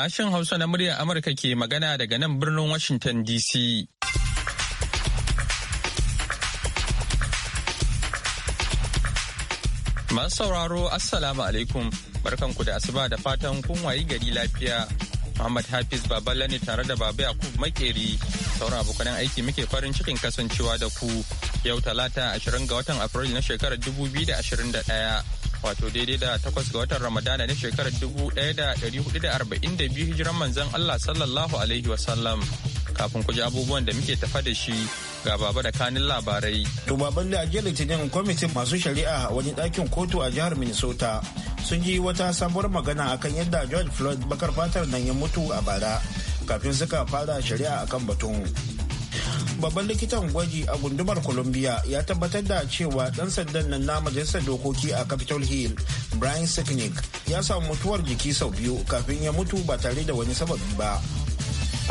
Sashen Hausa na muryar Amurka ke magana daga nan birnin Washington DC. Masu sauraro Assalamu alaikum barkanku da asuba da fatan kun wayi gari lafiya. Muhammad Hafiz Baballe ne tare da Baba Yakub Makeri sauran abokanan aiki muke farin cikin kasancewa da ku yau talata 20 ga watan Afrilu na shekarar 2021. wato daidai da takwas ga watan ramadana na shekarar dubu da da da hudu arba'in ɗaya biyu hijiran manzan Allah sallallahu alaihi wasallam kafin ku ji abubuwan da muke tafa da shi ga baba da kanin labarai. To ban da ajiyar litinin kwamitin masu shari'a a wani ɗakin kotu a jihar Minnesota sun ji wata sabuwar magana akan yadda George Floyd bakar fatar nan ya mutu a bara kafin suka fara shari'a akan batun. babban likitan gwaji a gundumar columbia ya tabbatar da cewa dan sandan nan na majalisar dokoki a capitol hill brian sicknick ya samu mutuwar jiki sau biyu kafin ya mutu ba tare da wani sababi ba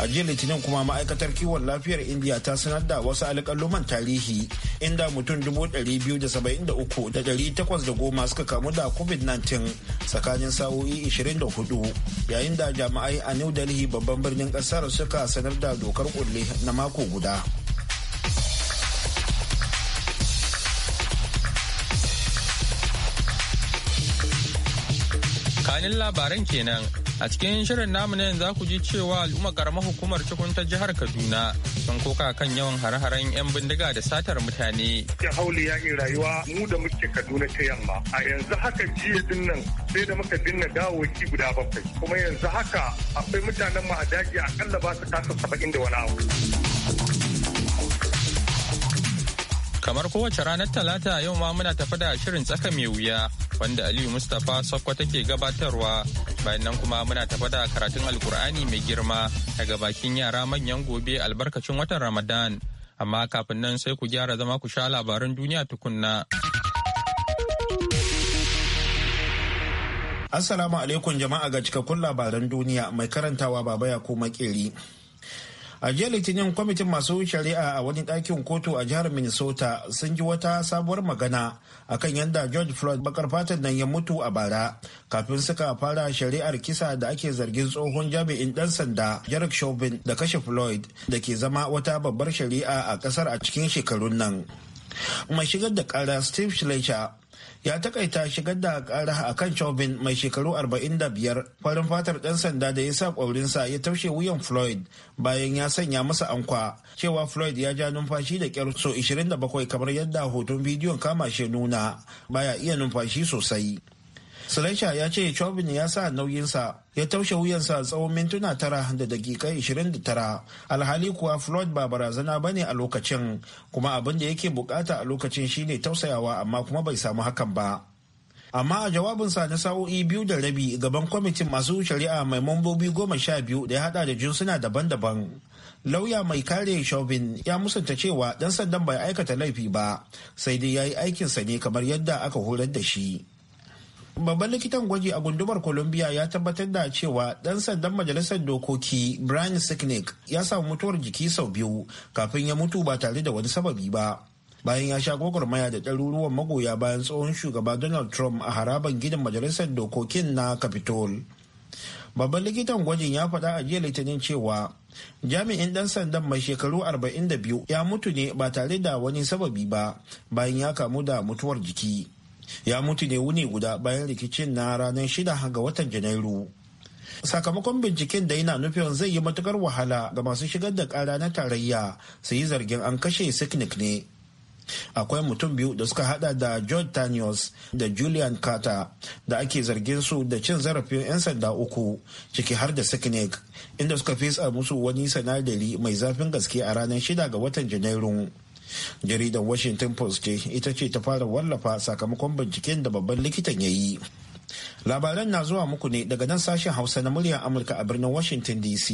a jiya litinin kuma ma'aikatar kiwon lafiyar indiya ta sanar da wasu alƙaluman tarihi inda mutum da da goma suka kamu da covid-19 tsakanin sa'o'i hudu yayin da jami'ai a new delhi babban birnin ƙasar suka sanar da dokar kulle na mako guda kanin labaran kenan A cikin shirin namu na za ku ji cewa al'ummar karamar hukumar cikin ta jihar Kaduna sun koka kan yawan hare-haren 'yan bindiga da satar mutane. Ya hauli ya yi rayuwa mu da muke Kaduna ta yamma. A yanzu haka jiya din nan sai da muka binne ki guda bakwai. Kuma yanzu haka akwai mutanen mu a daji akalla ba su kasa saba'in da wani abu. Kamar kowace ranar Talata yau ma muna tafi da shirin tsaka mai wuya wanda Aliyu Mustapha Sokwa take gabatarwa bayan nan kuma muna tafa da karatun Alkur'ani mai girma daga bakin yara manyan gobe albarkacin watan Ramadan. Amma kafin nan sai ku gyara zama ku sha labaran duniya tukunna. Assalamu alaikum jama'a ga cikakkun labaran duniya mai karantawa baba ya ko makeri. a jiya litinin kwamitin masu shari'a a wani ɗakin kotu a jihar minnesota sun ji wata sabuwar magana akan yadda george floyd bakar fatan nan ya mutu a bara kafin suka fara shari'ar kisa da ake zargin tsohon jami'in ɗan sanda jarek chauvin da kashe floyd da ke zama wata babbar shari'a a ƙasar a cikin shekarun nan mai shigar da ƙara steve schleicher ya takaita shigar da kara a kan chauvin mai shekaru 45 farin fatar ɗan sanda da ya sa ƙwaurinsa ya taushe wuyan floyd bayan ya sanya masa ankwa cewa floyd ya ja numfashi da kyar so 27 kamar yadda hoton bidiyon kama shi nuna baya iya numfashi sosai Sulaisha ya ce Chauvin ya sa nauyinsa ya taushe wuyansa tsawon mintuna tara da dakika 29 alhali kuwa Floyd ba barazana ba ne a lokacin kuma abin da yake bukata a lokacin shine tausayawa amma kuma bai samu hakan ba. amma a jawabinsa na sa'o'i biyu da rabi gaban kwamitin masu shari'a mai mambobi goma sha biyu da ya hada da jinsuna daban-daban lauya mai kare chauvin ya musanta cewa ɗan sandan bai aikata laifi ba sai dai ya yi aikinsa ne kamar yadda aka horar da shi babban likitan gwaji a gundumar columbia ya tabbatar da cewa dan sandan majalisar dokoki brian sicknick ya samu mutuwar jiki sau biyu kafin ya mutu ba tare da wani sababi ba bayan ya sha gwagwarmaya da ɗaruruwan magoya bayan tsohon shugaba donald trump a haraban gidan majalisar dokokin na capitol babban likitan gwajin ya faɗa a jiya litinin cewa jami'in ɗan sandan mai shekaru 42 ya mutu ne ba tare da wani sababi ba bayan ya kamu da mutuwar jiki ya mutu ne wuni guda bayan rikicin na ranar shida ga watan janairu sakamakon binciken da yana nufin zai yi matukar wahala ga masu shigar da kara na tarayya su yi zargin an kashe siknik ne akwai mutum biyu da suka hada da george tanius da julian carter da ake zargin su da cin zarafin 'yan sanda uku ciki har da siknik inda suka fesa musu wani sanadari mai zafin gaske a ranar shida ga watan janairu. jaridar washington post ce ita ce ta fara wallafa sakamakon binciken da babban likitan ya yi labaran na zuwa muku ne daga nan sashen hausa na muryar amurka a birnin washington dc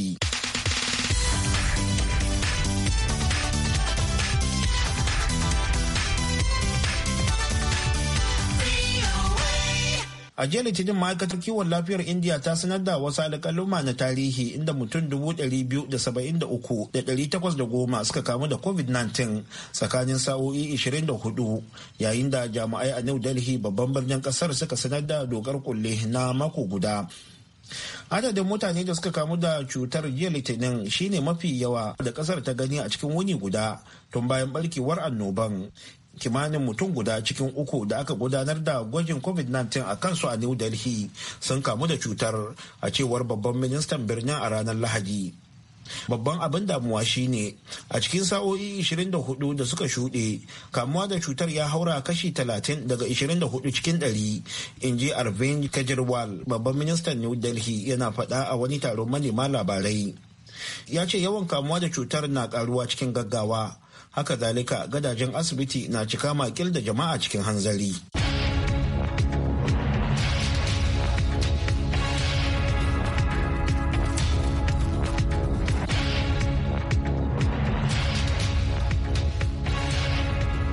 a jiya litinin ma'aikatar kiwon lafiyar indiya ta sanar da wasu alƙaluma na tarihi inda mutum ɗari da da goma suka kamu da covid-19 tsakanin sa'o'i hudu, yayin da jami'ai a new delhi babban birnin kasar suka sanar da dokar kulle na mako guda adadin mutane da suka kamu da cutar jiya litinin shine mafi yawa da kasar ta gani a cikin wuni guda tun bayan barkewar annoban kimanin mutum guda cikin uku da aka gudanar da gwajin covid-19 a kansu a new delhi sun kamu da cutar a cewar babban ministan birnin a ranar lahadi babban abin damuwa shine a cikin sa'o'i 24 da suka shuɗe kamuwa da cutar ya haura kashi 30 daga 24 cikin 100 in ji arvind Kajirwal, babban ministan new delhi yana faɗa a wani taron manema labarai ya ce yawan kamuwa da cutar na ƙaruwa cikin gaggawa haka zalika gadajen asibiti na cika makil da jama'a cikin hanzari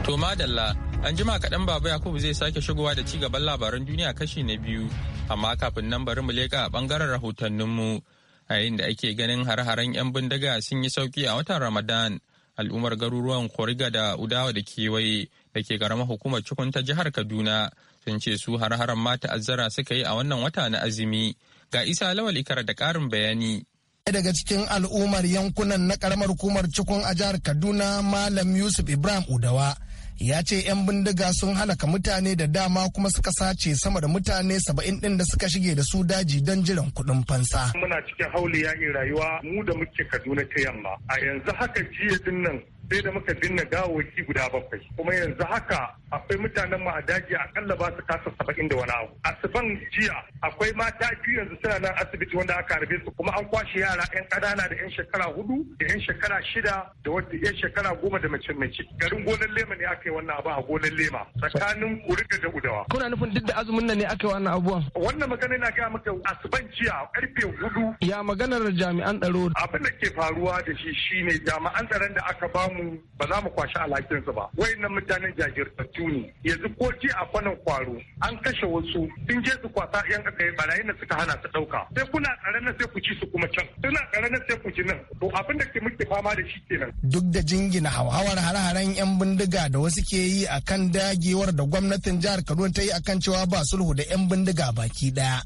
to madalla an jima kaɗan baba yakubu zai sake shigowa da ci gaban labaran duniya kashi na biyu amma kafin nan bari mu leƙa a ɓangaren rahotanninmu a yayin da ake ganin har-haren 'yan bindiga sun yi sauki a watan ramadan al'ummar garuruwan koriga da udawa da kewaye da ke karamar hukumar cikun ta jihar kaduna sun ce su har-haren mata azzara suka yi a wannan wata na azumi ga isa lawal ikara da karin bayani daga cikin al'ummar yankunan na karamar hukumar cikin a jihar kaduna malam yusuf ibrahim udawa ya ce 'yan bindiga sun halaka mutane da dama kuma suka sace sama da mutane saba'in ɗin da suka shige da su daji don jiran kuɗin fansa. Muna cikin hauli yaƙin rayuwa mu da muke Kaduna ta yamma. A yanzu haka jiya din nan sai da muka binne gawawaki guda bakwai kuma yanzu haka akwai mutanen mu a daji akalla ba su kasa saba'in da wani abu asuban jiya akwai mata biyu yanzu suna nan asibiti wanda aka harbe su kuma an kwashe yara yan ƙanana da yan shekara hudu da yan shekara shida da wata yan shekara goma da mace mace garin gonar lema ne aka aka yi wannan abu a gonar lema tsakanin kuriga da udawa. Kuna nufin duk da azumin nan ne aka yi wannan abubuwan? Wannan magana na gaya maka Asibanciya karfe hudu. Ya maganar jami'an tsaro. Abin da ke faruwa da shi shine jami'an tsaron da aka bamu ba za mu kwashi alhakinsu ba. Wayannan mutanen jajirtattu ne. Yanzu ko ce a kwanan kwaro an kashe wasu sun je su kwasa yan kakai barayin da suka hana su ɗauka. Sai kuna tsare na sai ku ci su kuma can. Suna tsare na sai ku ci nan. To abin da ke muke fama da shi kenan. Duk da jingina hauhawar hare-haren 'yan bindiga da wasu suke yi a kan dagewar da gwamnatin jihar kaduna ta yi a kan cewa ba sulhu da 'yan bindiga baki daya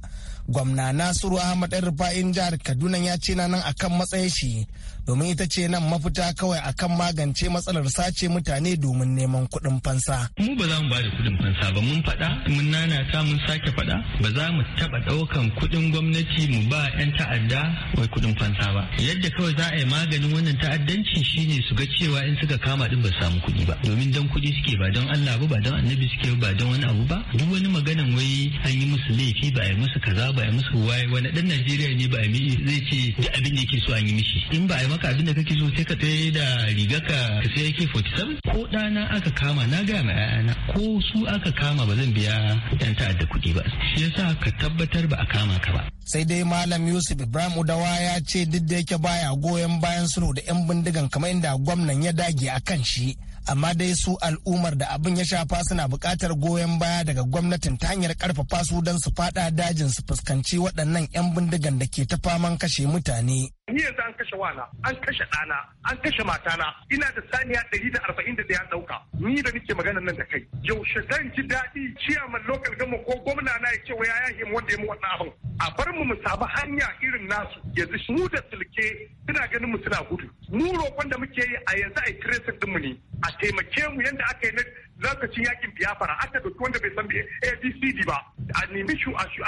gwamna nasiru ahmad ɗan rufa'in jihar kaduna ya ce na nan akan matsayin shi domin ita ce nan mafita kawai akan magance matsalar sace mutane domin neman kuɗin fansa mu ba za mu ba da kuɗin fansa ba mun faɗa mun nanata mun sake faɗa ba za mu taɓa ɗaukan kuɗin gwamnati mu ba 'yan ta'adda wai kuɗin fansa ba yadda kawai za a yi maganin wannan ta'addanci shine su ga cewa in suka kama din ba samu kuɗi ba domin dan kuɗi suke ba don Allah ba ba don annabi suke ba don wani abu ba duk wani maganan wai an yi musu laifi ba a yi musu kaza ba ya musu wai wani dan Najeriya ne ba mi zai ce da abin da yake so an yi mishi in ba a maka abin da kake so sai ka tsaye da rigaka ka sai yake 47 ko dana aka kama na ga ma yana ko su aka kama ba zan biya yan ta'adda kuɗi ba shi yasa ka tabbatar ba a kama ka ba sai dai malam Yusuf Ibrahim Udawa ya ce duk da yake baya goyon bayan suru da yan bindigan kamar inda gwamnan ya dage akan shi amma dai su al'ummar da abin ya shafa suna buƙatar goyon baya daga gwamnatin ta hanyar karfafa su don su fada dajin su fuskanci waɗannan 'yan bindigan da ke ta faman kashe mutane ni yanzu an kashe wana an kashe ɗana an kashe matana ina da saniya ɗari da arba'in da ɗaya ɗauka ni da nake magana nan da kai yaushe zan ji daɗi ciyaman lokal gama ko gwamna na ya ce wa ya him wanda ya mu wannan abin a bar mu mu samu hanya irin nasu yanzu mu da sulke suna ganin mu suna gudu mu roƙon da muke yi a yanzu a yi tracing ɗinmu ne a taimake mu yadda aka yi na lokacin yakin biyafara a ta dauki wanda bai san bai abcd ba a nemi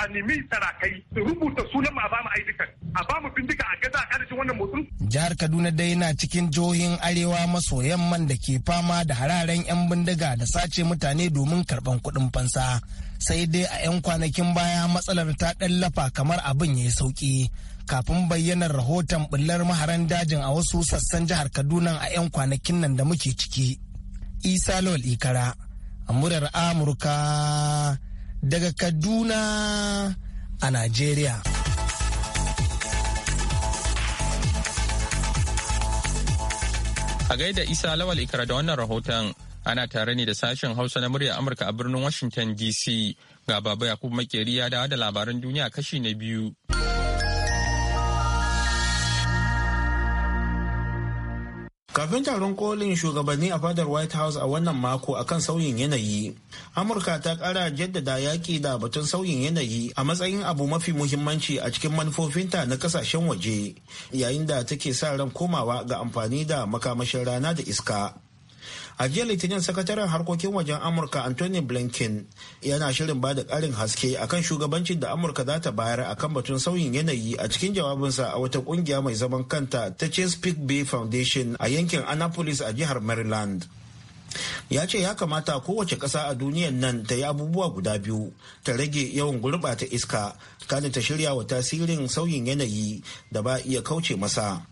a nemi sarakai su rubuta sunan mu a bamu aidikan a bamu bindiga a gaza a karshen wannan motsin. jihar kaduna dai na cikin jihohin arewa maso yamman da ke fama da hararen yan bindiga da sace mutane domin karban kuɗin fansa sai dai a 'yan kwanakin baya matsalar ta ɗallafa kamar abin ya yi sauƙi kafin bayyanar rahoton bullar maharan dajin a wasu sassan jihar kaduna a 'yan kwanakin nan da muke ciki isa lawal ikara a murar amurka daga kaduna a najeriya a gaida isa lawal ikara da wannan rahoton ana tare ne da sashen hausa na murya amurka a birnin washington dc ga baba yakubu makeri ya dawo da labaran duniya kashi na biyu kafin taron kolin shugabanni a fadar white house a wannan mako akan sauyin yanayi amurka ta kara jaddada yaƙi da batun sauyin yanayi a matsayin abu mafi muhimmanci a cikin manufofinta na kasashen waje yayin da take sa ran komawa ga amfani da makamashin rana da iska a jiya litinin sakataren harkokin wajen amurka anthony blinken yana shirin ba da ƙarin haske akan shugabancin da amurka za ta bayar kan batun sauyin yanayi a cikin jawabinsa a wata ƙungiya mai zaman kanta ta chesapeake bay foundation a yankin annapolis a jihar maryland ya ce ya kamata kowace ƙasa a duniyan nan ta yi abubuwa guda biyu ta rage yawan gurɓata iska kada ta shirya wa tasirin sauyin yanayi da ba iya kauce masa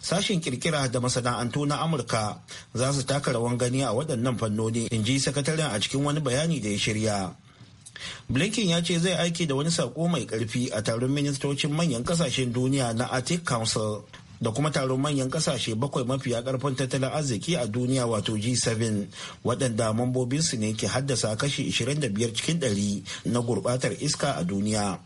Sashen kirkira da masana'antu na Amurka za su taka rawan gani a waɗannan fannoni, in ji sakataren a cikin wani bayani da ya shirya. Blinken ya ce zai aiki da wani sako mai ƙarfi a taron ministocin manyan ƙasashen duniya na Arctic Council da kuma taron manyan ƙasashe bakwai mafiya ƙarfin tattalin arziki a duniya wato G7 waɗanda mambobinsu ne ke haddasa kashi 25 cikin 100 na gurɓatar iska a duniya.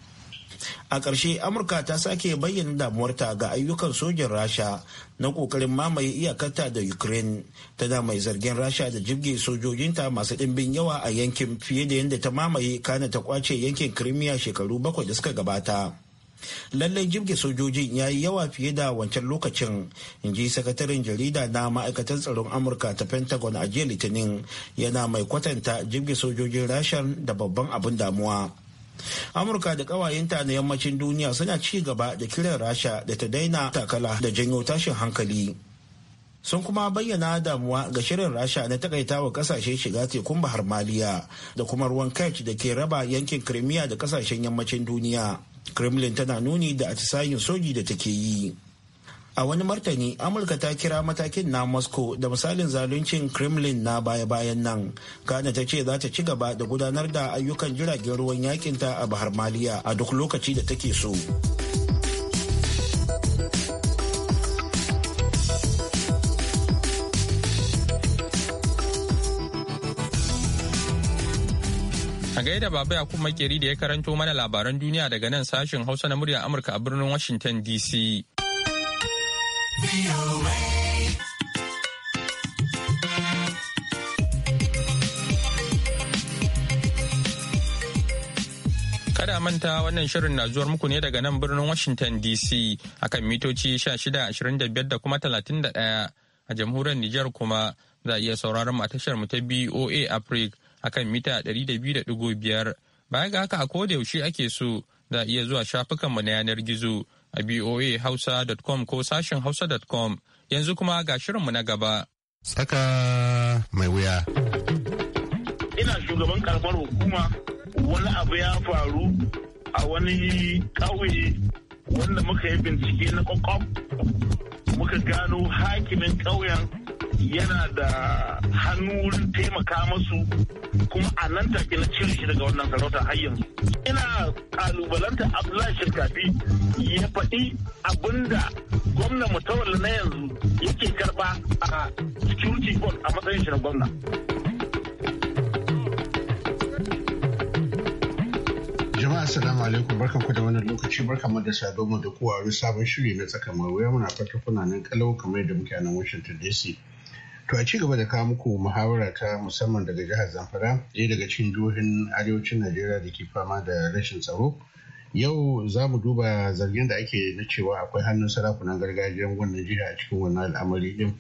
a ƙarshe amurka ta sake bayyana damuwarta ga ayyukan sojin rasha na ƙoƙarin mamaye iyakarta da ukraine tana mai zargin rasha da jibge sojojinta masu ɗimbin yawa a yankin fiye da yadda ta mamaye kana ta kwace yankin Krimiya shekaru bakwai da suka gabata lallai jibge sojojin ya yi yawa fiye da wancan lokacin in ji sakataren jarida na ma'aikatan tsaron amurka ta pentagon a jiya litinin yana mai kwatanta jibge sojojin rasha da babban abin damuwa amurka da ƙawayenta na yammacin duniya suna ci gaba da kiran rasha da ta daina takala da janyo tashin hankali sun kuma bayyana damuwa ga shirin rasha na takaitawa kasashe shiga tekun bahar maliya da kuma ruwan kerch da ke raba yankin krimiya da kasashen yammacin duniya kremlin tana nuni da atisayin soji da take yi a wani martani amurka ta kira matakin na moscow da misalin zaluncin kremlin na baya-bayan nan ghana ta ce za ta ci gaba da gudanar da ayyukan jiragen ruwan yakinta a bahar maliya a duk lokaci da take so A gaida Baba ya kuma da ya karanto mana labaran duniya daga nan sashen Hausa na murya Amurka a birnin Washington DC. Kada manta wannan shirin na zuwar muku ne daga nan birnin Washington DC akan mitoci 1625 da kuma 31 a jamhuriyar Nijar kuma za a iya sauraron a tashar mu ta BOA Africa akan mita 200.5 baya ga haka a koda yaushe ake so za a iya zuwa shafukanmu na yanar gizo a voa ko sashen hausa.com yanzu kuma ga shirinmu na gaba. Saka mai wuya. Ina shugaban karfar hukuma wani abu ya faru a wani ƙauye wanda muka yi bincike na kwakwam muka gano hakimin ƙauyen yana da hannu taimaka masu kuma a nan take na cire shi daga wannan sarauta har yanzu ina kalubalanta abdullahi shirkafi ya faɗi abinda gwamna mutawalla na yanzu yake karɓa a security board a matsayin shi na gwamna jama'a assalamu alaikum barkanku da wannan lokaci mu da saduwa da kowa sabon shiri na tsakamar wuya muna fata kuna nan kalau kamar yadda muke a nan washington dc To a ci gaba da kawo muku muhawara ta musamman daga jihar Zamfara, ɗaya daga cikin jihohin arewacin Najeriya da ke fama da rashin tsaro. Yau za mu duba zargin da ake na cewa akwai hannun sarakunan gargajiyar wannan jiha a cikin wannan al'amari ɗin.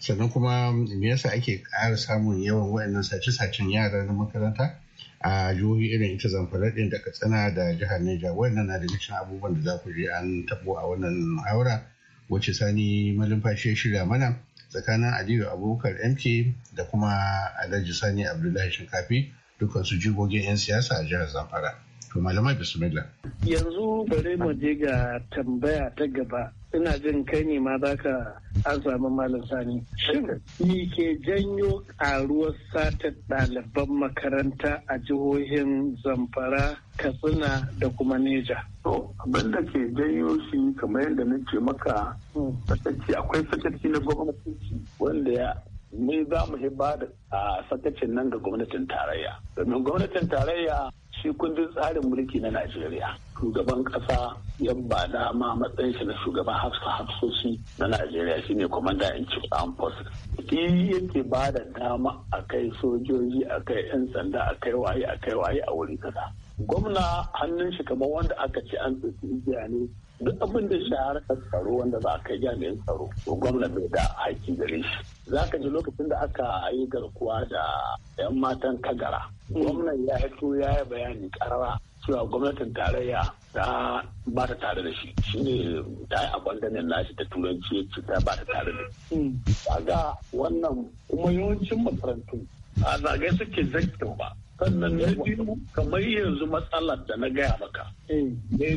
Sannan kuma me yasa ake ƙara samun yawan waɗannan sace-sacen yara na makaranta a jihohi irin ita Zamfara ɗin da Katsina da jihar Niger. Wannan na daga cikin abubuwan da za ku je an taɓo a wannan muhawara wacce Sani Malumfashi ya shirya mana. tsakanin aliyu abubakar mk da kuma alhaji sani abdullahi shinkafi dukansu jigogin 'yan siyasa a jihar zamfara To malamai bismillah. Yanzu bare mu je ga tambaya ta gaba. Ina jin kai ne ma za ka an samu malam sani. Shin ke janyo karuwar satar ɗaliban makaranta a jihohin Zamfara, Katsina da kuma Neja? To abin da ke janyo shi kamar yadda na ce maka hmm. sakaci akwai sakaci na gwamnati wanda ya ne za mu ba da sakacin nan ga gwamnatin tarayya. Domin gwamnatin tarayya shi kundin tsarin mulki na Najeriya. Shugaban ƙasa ya ba dama matsayin shi na shugaban hafsa hafsoshi na Najeriya shine kwamandan in Chief Armed Forces. ki yake ba da dama a kai sojoji, a kai 'yan sanda, a kai waye, a kai waye a wuri kaza. Gwamna hannun shi kamar wanda aka ci an tsotsi ne duk abin da shahara harkar tsaro wanda za a kai jami'in tsaro ko gwamnati da haƙƙi gare shi za ka ji lokacin da aka yi garkuwa da 'yan matan kagara gwamnan ya hito ya yi bayani karara cewa gwamnatin tarayya ta ba ta tare da shi shi ne ta yi abandonin nashi da turanci ya ce ta ba ta tare da shi hmm. ga wannan kuma yawancin makarantu a zagaye suke zakkin ba sannan na biyu kamar yanzu matsalar da na gaya maka eh. ne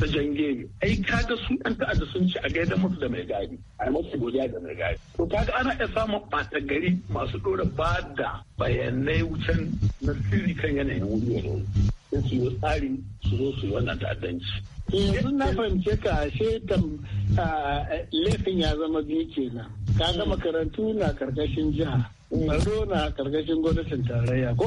ta jange ai kaga su yan ta'adda sun ci a gaida musu da mai gari. a yi musu godiya da mai gari to kaga ana iya samun ɓata gari masu ɗora ba da bayanai wucen na sirri kan yanayin wuri sai su yi tsari su zo su yi wannan ta'addanci yanzu na fahimce ka ashe laifin ya zama biyu kenan kaga makarantu na karkashin jiha tsaro na karkashin gwamnatin tarayya ko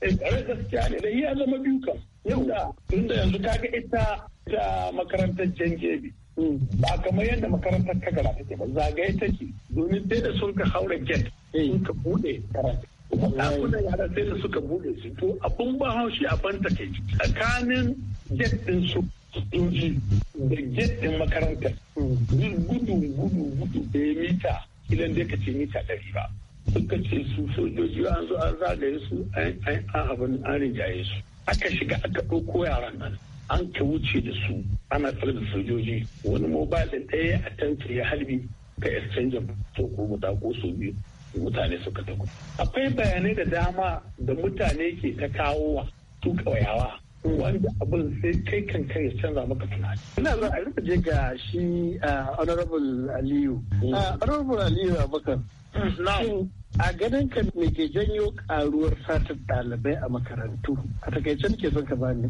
ƙarar eh, gaskiya ne da iya zama biyu kan yauda inda yanzu kaga ita da makarantar jangebi hmm. ba kamar yadda makarantar kagara take ba zagaye take domin sai da sun ka haura get eh. sun ka buɗe karatu ɗakunan eh. yara sai da suka buɗe su to abin ban haushi a ban take tsakanin get ɗin su inji da get ɗin makarantar gudu hmm. gudu gudu da mita idan dai ka ce mita ɗari ba suka ce su sojoji an zo an zagaye su an abin an rinjaye su aka shiga aka ɗauko yaran nan an ka wuce da su ana tsare da sojoji wani mobile ɗaya a tantar ya halbi ka exchange to ko guda ko su biyu mutane suka tafi akwai bayanai da dama da mutane ke ta kawo wa tukawayawa wanda abin sai kai kan kai ya canza maka tunani ina zuwa a rika je ga shi uh, honorable aliyu mm. uh, honorable aliyu abubakar mm, a ganin ka me ke janyo karuwar satar ɗalibai a makarantu a takaice ke son ka bani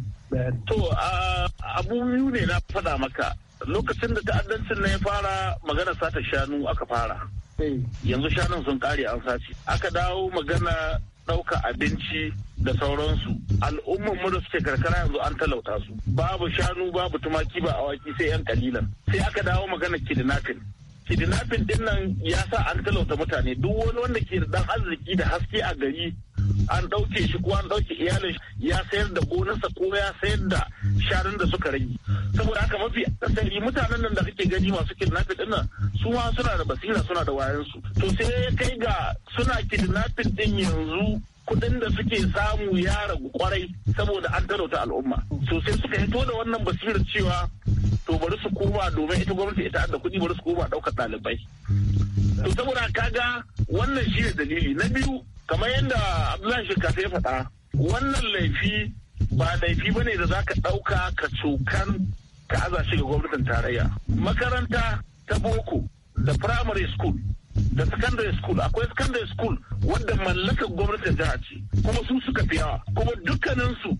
to abu ne na faɗa maka lokacin da ta'addancin na ya fara magana satar shanu aka fara eh. yanzu shanun sun kare an sace aka dawo magana ɗauka abinci da sauransu al'umman mu da suke karkara yanzu an talauta su babu shanu babu tumaki ba awaki sai yan kalilan sai aka dawo magana kidnapping kidnapping din nan ya sa an talauta mutane duk wani wanda ke dan arziki da haske a gari an ɗauke shi ko an ɗauke iyalin ya sayar da gonarsa ko ya sayar da shanun da suka rage saboda haka mafi akasari mutanen nan da kake gani masu kidnapping din nan su ma suna da basira suna da wayansu to sai ya kai ga suna kidnapping din yanzu kudin da suke samu ya ragu kwarai saboda an talauta al'umma sosai suka hito da wannan basirar cewa to bari su koma domin ita gwamnati ita da kuɗi bari su koma ɗaukar ɗalibai. To saboda kaga wannan shi ne dalili na biyu kamar yadda Abdullahi Shirkasa ya faɗa wannan laifi ba laifi ba ne da za ka ɗauka ka cokan ka aza shi ga gwamnatin tarayya. Makaranta ta boko da primary school da secondary school akwai secondary school wadda mallakar gwamnatin jihar ce kuma su suka fi yawa kuma dukkaninsu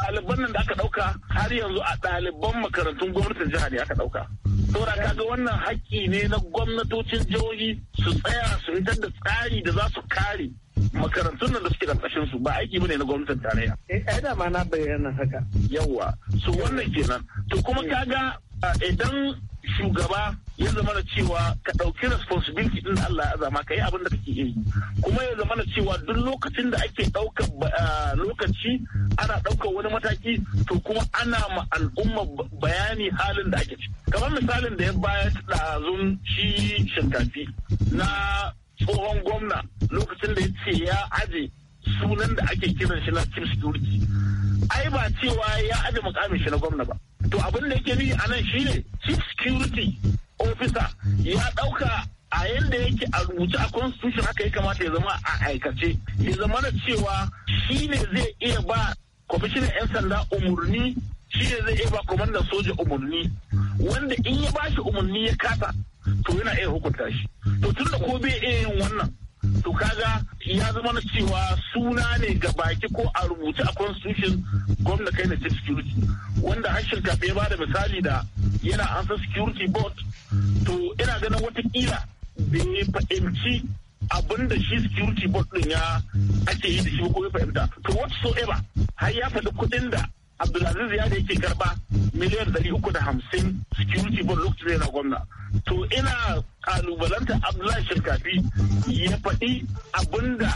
ɗaliban nan da aka ɗauka har yanzu a ɗaliban makarantun gwamnatin jiha ne aka ɗauka. Saboda kaga wannan haƙƙi ne na gwamnatocin jihohi su tsaya su fitar da tsari da za su kare makarantun nan da suke karkashin su ba aiki bane na gwamnatin tarayya. Eh da ma na bayyana haka. Yawwa, su wannan kenan. To kuma kaga eh, idan shugaba ya zama da cewa ka ɗauki responsibility din Allah ya zama ka yi abin da kake yi kuma ya zama da cewa duk lokacin da ake ɗaukar lokaci ana ɗaukar wani mataki to kuma ana ma al'umma bayani halin da ake ci kamar misalin da ya bayar ɗazun shi shinkafi na tsohon gwamna lokacin da ya ce ya aje sunan da ake kiran shi na chief security ai ba cewa ya aje mukamin shi na gwamna ba to abin da yake nufi a nan shine chief security ofisa ya ɗauka a yadda yake a rubuce a constitution haka ya kamata ya zama a aikace ya zama da cewa shi ne zai iya ba kwamishinan 'yan sanda umarni shi ne zai iya ba kwamandan soja umarni wanda in ya ba shi umarni ya kasa to yana iya hukunta shi to tun da ko bai iya yin wannan to kaga ya zama na cewa suna ne ga baki ko a rubuce a constitution gwamna kai na security wanda harshen kafe ya bada misali da yana ansa security board to ina ganin watakila da ya fahimci abin da shi security board din ya ake yi da shi ko ya fahimta to whatsoever har ya faɗi kuɗin da abdulaziz ya da yake karba miliyan hamsin security board lokacin yana gwamna to ina kalubalanta abdullahi shirkafi ya faɗi abinda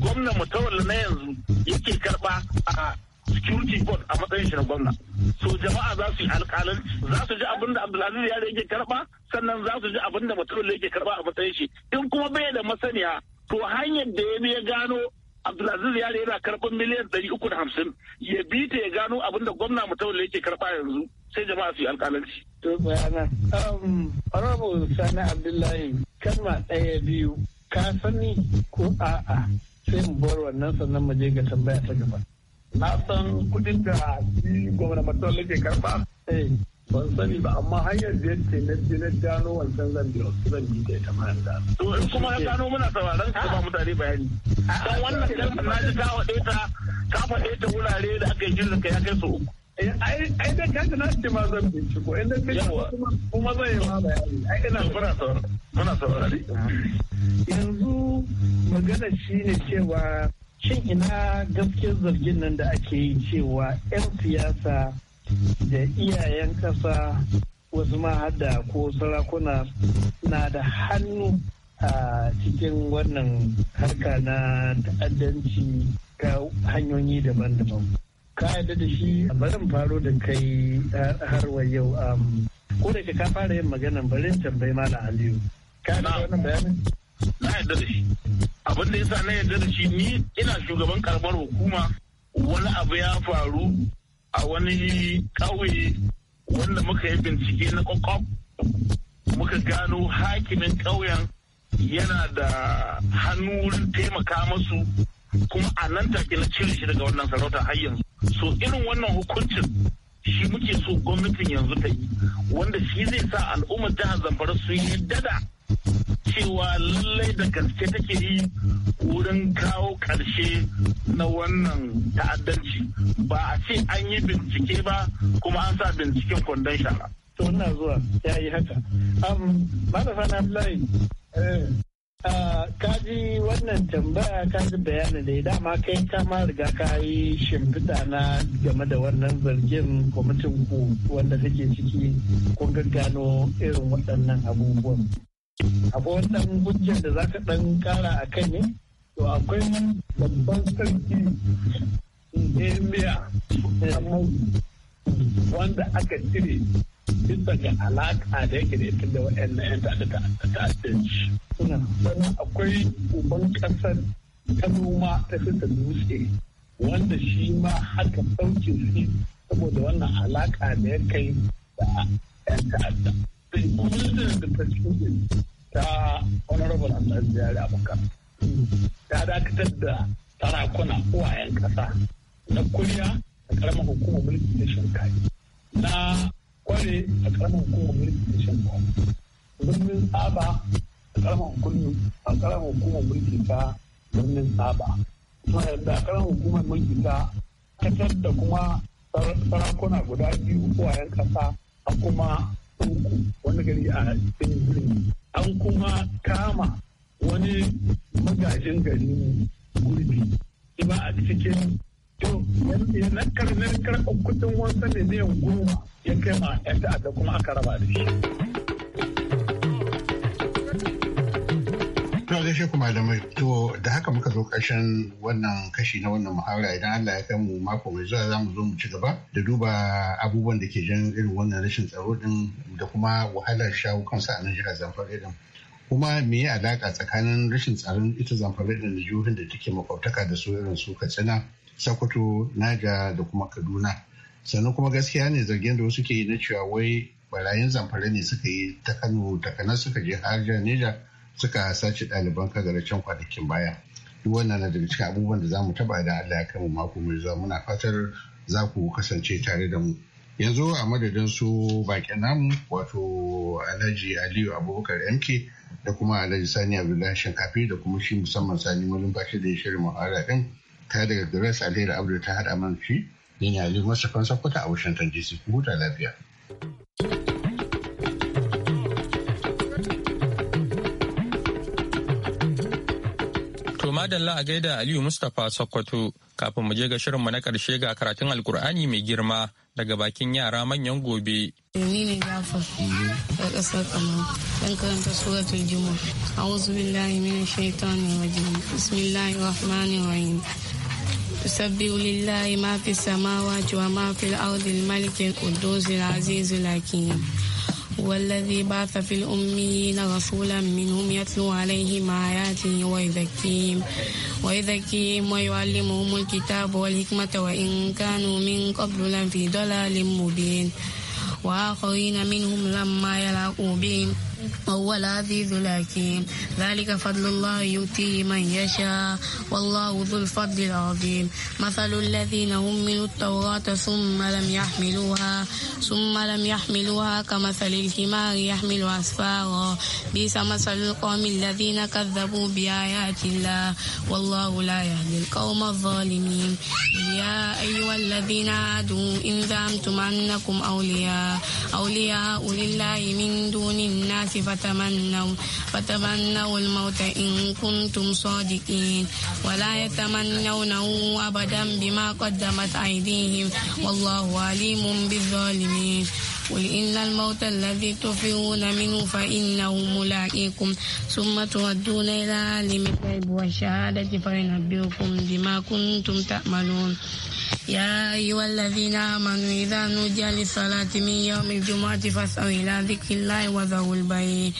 gwamna mutawalla na yanzu yake karba a security board a matsayin shi na gwamna so jama'a za su yi alƙalin za su ji abin da abdulaziz da yake karba sannan za su ji abin da yake karba a matsayin shi in kuma bai da masaniya to hanyar da ya ya gano Abdulaziz ya yana karɓar miliyan ɗari uku da hamsin ya bi ta ya gano abin da gwamna mutawalla yake karɓa yanzu sai jama'a su yi alƙalanci. To bayana, um, Honorable Sani Abdullahi kalma ɗaya biyu ka sani ko a'a sai mu bar wannan sannan mu je ga tambaya ta gaba. Na san kuɗin da gwamna mutawalla ke karɓa. Eh. ban sani ba amma hanyar da yake na na gano wancan zan biyo zan bi da ita ma yanzu to in kuma ka gano muna sauraron ka ba mutane bayani dan wannan kalmar na ji ta faɗe ta ta faɗe ta wurare da aka yi jinin ka ya kai su uku eh, ai da kaji na ce ma zan binciko inda kai kuma zan yi ma bayani ai ina muna muna saurari yanzu magana shine cewa shin ina gaskiyar zargin nan da ake yi cewa 'yan siyasa da iyayen ƙasa wasu ma hada ko sarakuna na da hannu a cikin wannan harka na ta'addanci ga hanyoyi daban-daban ka yadda da shi barin faro da kai har wa yau ko da ka fara yin maganan barin tambayi ma na aliyu ka yadda da wannan bayanin na yadda da shi abin da yasa na yadda da shi ni ina shugaban karamar hukuma wani abu ya faru a wani ƙauye wanda muka yi bincike na kwakwam muka gano hakimin ƙauyen yana da hannu wurin taimaka masu kuma a nan take na cire shi daga wannan sarauta har yanzu so irin wannan hukuncin shi muke so gwamnatin yanzu ta yi wanda shi zai sa al'ummar jihar zamfara su yi dada cewa lallai da gaske take yi wurin kawo ƙarshe na wannan ta'addanci ba a ce an yi bincike ba kuma an sa binciken kwandon shara. to ina zuwa ya yi haka malama na lai ji wannan tambaya ka ji bayanin da dama kai kama riga ka yi shimfiɗa na game da wannan zargin kwamitin ku wanda take ciki kun gano irin waɗannan abubuwan akwai wannan hujjar da zaka dan kara a kai ne to akwai babban sarki emir wanda aka cire bisa ga alaƙa da yake da ita da wa'annan 'yan ta'addanci sannan akwai uban ƙasar ta noma ta fita dutse wanda shi ma haka sauke shi saboda wannan alaƙa da ya kai da 'yan ta'addanci minister da president ta honorable Annabi Abubakar ta dakatar da uwayen kasa na kuriya a karamar hukumar mulki da na kware a karamar hukumar mulki da birnin tsaba a karamar hukumar a karamar hukumar mulki ta birnin tsaba kuma yadda a karamar hukumar mulki ta da kuma sarakuna guda biyu uwayen kasa a kuma wani gari a benin an kuma kama wani magajin gari gurbi ba a cikin yana karnar karɓar kudin wasan da ne goma ya kai ma ya ta'adda kuma aka raba da shi. To gaishe ku malamai to da haka muka zo ƙarshen wannan kashi na wannan muhawara idan Allah ya kai mu mako mai zuwa zamu zo mu ci gaba da duba abubuwan da ke jan irin wannan rashin tsaro din da kuma wahalar shawo kansa a nan jihar Zamfara din. Kuma me ya alaka tsakanin rashin tsaron ita Zamfara din da jihohin da take makwabtaka da su irin su Katsina, Sokoto, Naja da kuma Kaduna. Sannan kuma gaskiya ne zargin da wasu ke yi na cewa wai barayin Zamfara ne suka yi ta Kano, ta suka je har Neja. suka sace ɗaliban kagara can kwanakin baya duk wannan na daga cikin abubuwan da za mu taba da Allah ya kai mu mako mai zuwa muna fatar za ku kasance tare da mu yanzu a madadin su baƙin namu wato alhaji aliyu abubakar mk da kuma alhaji sani abdullahi shinkafi da kuma shi musamman sani bashi da ya shirin muhara din ta daga grace alheri abdul ta haɗa man shi ne aliyu masu fansa kuta a washington dc huta lafiya. Madalla a gaida Aliyu Mustapha Sokoto kafin mu je ga shirinmu na karshe ga karatun Alkur'ani mai girma daga bakin yara manyan gobe. Ni ne Jafar da ƙasar kamar dan karanta suratul Juma. A'udhu billahi minash shaitanir rajim. Bismillahir rahmanir rahim. تسبح لله ما في السماوات وما في الأرض الملك القدوس العزيز الحكيم والذي بعث في الأميين رسولا منهم يتلو عليهم آياته ويزكيهم ويزكيهم ويعلمهم الكتاب والحكمة وإن كانوا من قبل لفي ضلال مبين وآخرين منهم لما يلاقوا بهم وهو العزيز الحكيم ذلك فضل الله يؤتيه من يشاء والله ذو الفضل العظيم مثل الذين من التوراة ثم لم يحملوها ثم لم يحملوها كمثل الحمار يحمل أسفارا بئس مثل القوم الذين كذبوا بآيات الله والله لا يهدي القوم الظالمين يا أيها الذين عادوا إن زعمتم أنكم أولياء أولياء لله من دون الناس fi fatamannau fatamannau almauta in kuntum sadiqin wala yatamannau na abadan bima qaddamat aydihim wallahu alimun bizalimin قل إلا الموت الذي تفرون منه فإنه ملائكم ثم تردون إلى عالم الغيب والشهادة فينبئكم بما كنتم تأملون يا أيها الذين آمنوا إذا نودي للصلاة من يوم الجمعة فاسعوا إلى ذكر الله وذروا البيع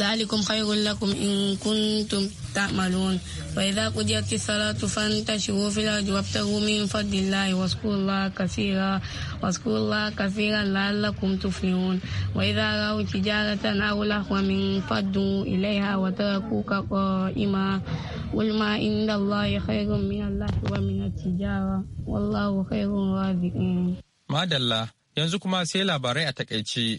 ذلكم خير لكم إن كنتم تعملون وإذا قضيت الصلاة فانتشروا في الأرض وابتغوا من فضل الله واذكروا الله كثيرا واذكروا الله كثيرا لعلكم تفلحون وإذا رأوا تجارة أو لهوا من فضوا إليها وتركوك قائما قل ما عند الله خير من الله ومن التجارة والله خير الرازقين. Madalla yanzu kuma sai labarai a takaice.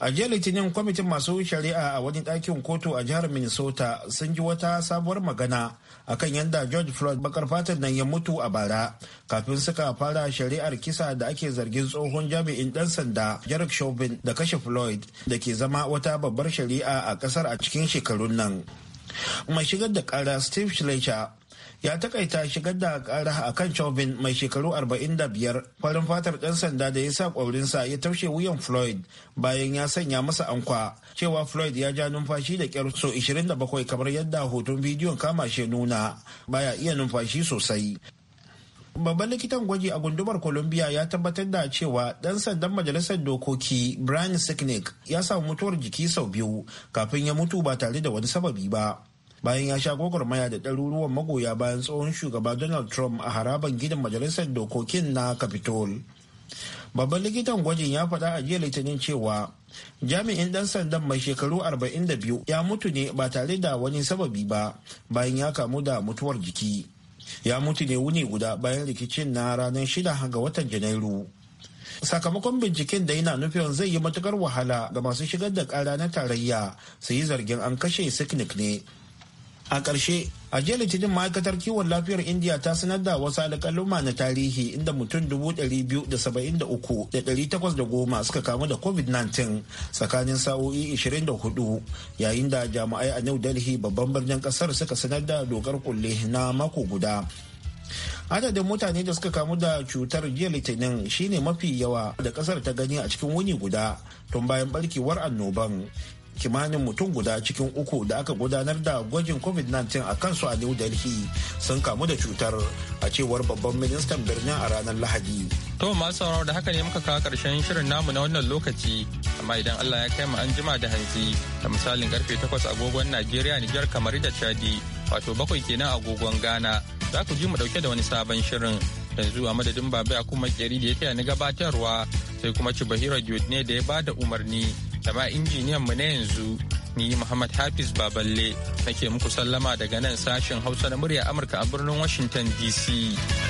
a jiya litinin kwamitin masu shari'a a wani ɗakin kotu a jihar minnesota sun ji wata sabuwar magana akan yadda george floyd bakar fatan nan ya mutu a bara kafin suka fara shari'ar kisa da ake zargin tsohon jami'in ɗan sanda jared chauvin da kashe floyd da ke zama wata babbar shari'a a ƙasar a cikin shekarun nan mai shigar da ƙara steve schleicher ya takaita shigar da kara a kan chauvin mai shekaru 45 farin fatar ɗan sanda da ya sa ƙwaurinsa ya taushe wuyan floyd bayan ya sanya masa ankwa cewa floyd ya ja numfashi da kyar so 27 kamar yadda hoton bidiyon kama shi nuna baya iya numfashi sosai babban likitan gwaji a gundumar columbia ya tabbatar da cewa dan sandan majalisar dokoki brian sicknick ya samu mutuwar jiki sau biyu kafin ya mutu ba tare da wani sababi ba bayan ya sha gwagwarmaya da ɗaruruwan magoya bayan tsohon shugaba donald trump a haraban gidan majalisar dokokin na capitol babban likitan gwajin ya faɗa a jiya litinin cewa jami'in ɗan sandan mai shekaru 42 ya mutu ne ba tare da wani sababi ba bayan ya kamu da mutuwar jiki ya mutu ne wuni guda bayan rikicin na ranar shida ga watan janairu sakamakon binciken da yana nufin zai yi matukar wahala ga masu shigar da kara na tarayya su yi zargin an kashe siknik ne a ƙarshe a jiya litinin ma'aikatar kiwon lafiyar indiya ta sanar da wasu alƙaluma na tarihi inda mutum da da goma suka kamu da covid-19 tsakanin sa'o'i 24 yayin da jami'ai a new delhi babban birnin kasar suka sanar da dokar kulle na mako guda adadin mutane da suka kamu da cutar jiya litinin shine mafi yawa da kasar ta gani a cikin wuni guda tun bayan barkewar annoban kimanin mutum guda cikin uku da aka gudanar da gwajin covid-19 a kansu a new delhi sun kamu da cutar a cewar babban ministan birnin a ranar lahadi to masu sauraro da haka ne muka kawo karshen shirin namu na wannan lokaci amma idan allah ya kai mu an jima da hantsi da misalin karfe takwas agogon najeriya niger kamar da chadi wato bakwai kenan agogon ghana za ku ji mu dauke da wani sabon shirin yanzu a madadin baba kuma keri da ya taya ni gabatarwa sai kuma ci bahira ne da ya bada umarni da ba injiniyan mu na yanzu ni Muhammad Hafiz Baballe nake muku sallama daga nan sashen Hausa na murya Amurka a birnin Washington DC.